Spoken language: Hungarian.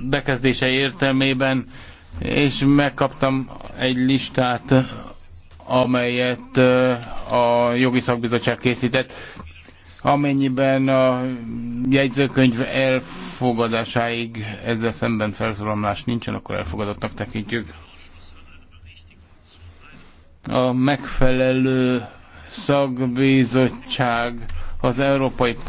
bekezdése értelmében, és megkaptam egy listát, amelyet a jogi szakbizottság készített, amennyiben a jegyzőkönyv elfogadásáig ezzel szemben felszólalás nincsen, akkor elfogadottnak tekintjük. A megfelelő szakbizottság az Európai Parlament